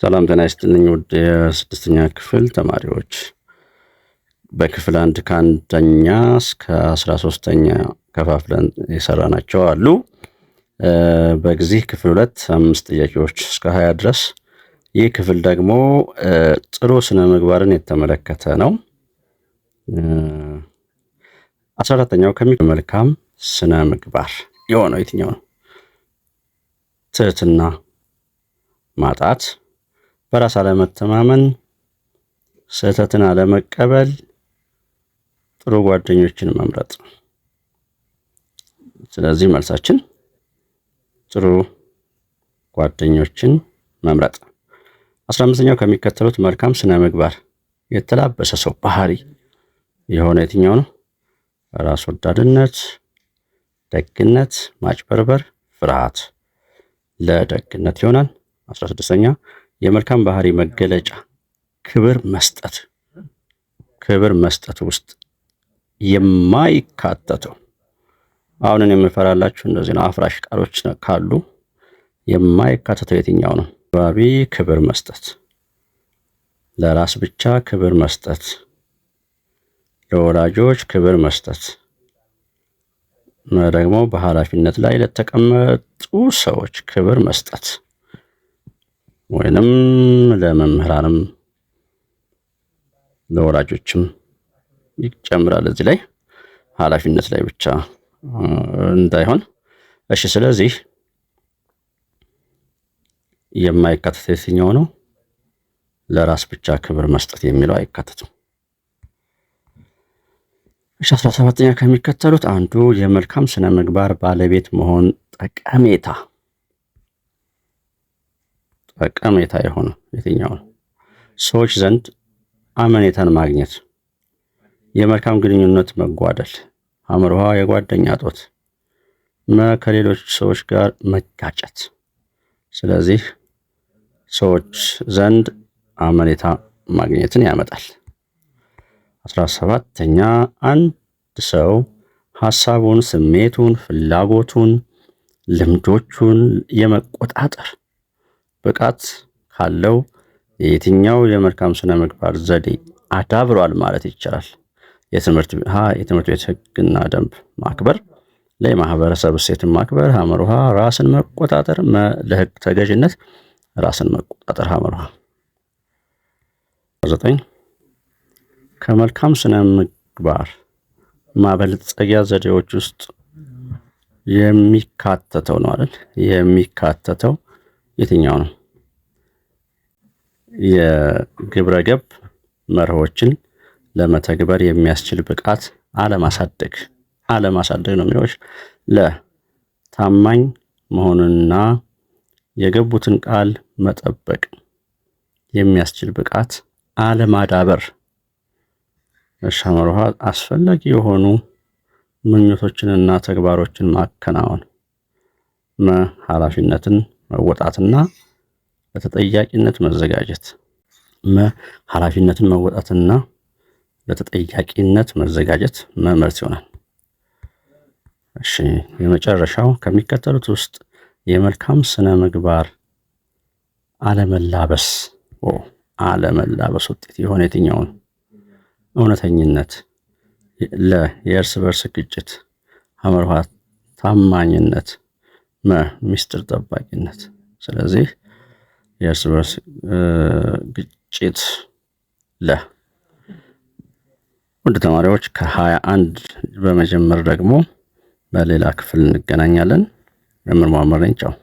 ሰላም ጤና ይስጥልኝ ውድ የስድስተኛ ክፍል ተማሪዎች በክፍል አንድ ከአንደኛ እስከ አስራ ሶስተኛ ከፋፍለን የሰራናቸው አሉ። በጊዜ ክፍል ሁለት አምስት ጥያቄዎች እስከ ሀያ ድረስ። ይህ ክፍል ደግሞ ጥሩ ስነ ምግባርን የተመለከተ ነው። አስራ አራተኛው ከሚ መልካም ስነ ምግባር የሆነው የትኛው ነው? ትህትና ማጣት፣ በራስ አለመተማመን፣ ስህተትን አለመቀበል፣ ጥሩ ጓደኞችን መምረጥ። ስለዚህ መልሳችን ጥሩ ጓደኞችን መምረጥ። አስራ አምስተኛው ከሚከተሉት መልካም ስነ ምግባር የተላበሰ ሰው ባህሪ የሆነ የትኛው ነው? ራስ ወዳድነት፣ ደግነት፣ ማጭበርበር፣ ፍርሃት ለደግነት ይሆናል። አስራ ስድስተኛ የመልካም ባህሪ መገለጫ ክብር መስጠት ክብር መስጠት ውስጥ የማይካተተው አሁንን የምንፈራላችሁ እነዚህ አፍራሽ ቃሎች ካሉ የማይካተተው የትኛው ነው? ባቢ ክብር መስጠት፣ ለራስ ብቻ ክብር መስጠት፣ ለወላጆች ክብር መስጠት ደግሞ በኃላፊነት ላይ ለተቀመጡ ሰዎች ክብር መስጠት ወይንም ለመምህራንም ለወላጆችም ይጨምራል። እዚህ ላይ ኃላፊነት ላይ ብቻ እንዳይሆን እሺ። ስለዚህ የማይካተት የትኛው ነው? ለራስ ብቻ ክብር መስጠት የሚለው አይካተትም። እሺ፣ አስራ ሰባተኛ ከሚከተሉት አንዱ የመልካም ስነ ምግባር ባለቤት መሆን ጠቀሜታ ጠቀሜታ የሆነው የትኛው ነው? ሰዎች ዘንድ አመኔታን ማግኘት፣ የመልካም ግንኙነት መጓደል፣ አምርሃ የጓደኛ ጦት፣ ከሌሎች ሰዎች ጋር መጋጨት። ስለዚህ ሰዎች ዘንድ አመኔታ ማግኘትን ያመጣል። አስራ ሰባተኛ አንድ ሰው ሀሳቡን፣ ስሜቱን፣ ፍላጎቱን፣ ልምዶቹን የመቆጣጠር ብቃት ካለው የየትኛው የመልካም ስነ ምግባር ዘዴ አዳብሯል ማለት ይቻላል? የትምህርት ቤት ህግና ደንብ ማክበር፣ ለማህበረሰብ እሴትን ማክበር፣ ውሃ ራስን መቆጣጠር፣ ለህግ ተገዥነት ራስን መቆጣጠር። ውሃ ዘጠኝ ከመልካም ስነ ምግባር ማበልጸጊያ ዘዴዎች ውስጥ የሚካተተው ነው አይደል? የሚካተተው የትኛው ነው? የግብረ ገብ መርሆችን ለመተግበር የሚያስችል ብቃት አለማሳደግ አለማሳደግ ነው የሚለው ታማኝ መሆንና የገቡትን ቃል መጠበቅ የሚያስችል ብቃት አለማዳበር እርሻ አስፈላጊ የሆኑ ምኞቶችንና ተግባሮችን ማከናወን መ ኃላፊነትን መወጣትና ለተጠያቂነት መዘጋጀት መ ኃላፊነትን መወጣትና ለተጠያቂነት መዘጋጀት መመርት ይሆናል። እሺ የመጨረሻው ከሚከተሉት ውስጥ የመልካም ስነ ምግባር አለመላበስ አለመላበስ ውጤት የሆነ የትኛውን? እውነተኝነት፣ ለ የእርስ በርስ ግጭት፣ ሐመርኋ ታማኝነት ሚስጥር ጠባቂነት። ስለዚህ የእርስ በርስ ግጭት ለ ውድ ተማሪዎች ከሀያ አንድ በመጀመር ደግሞ በሌላ ክፍል እንገናኛለን። መምህር መሐመድ ነኝ። ቻው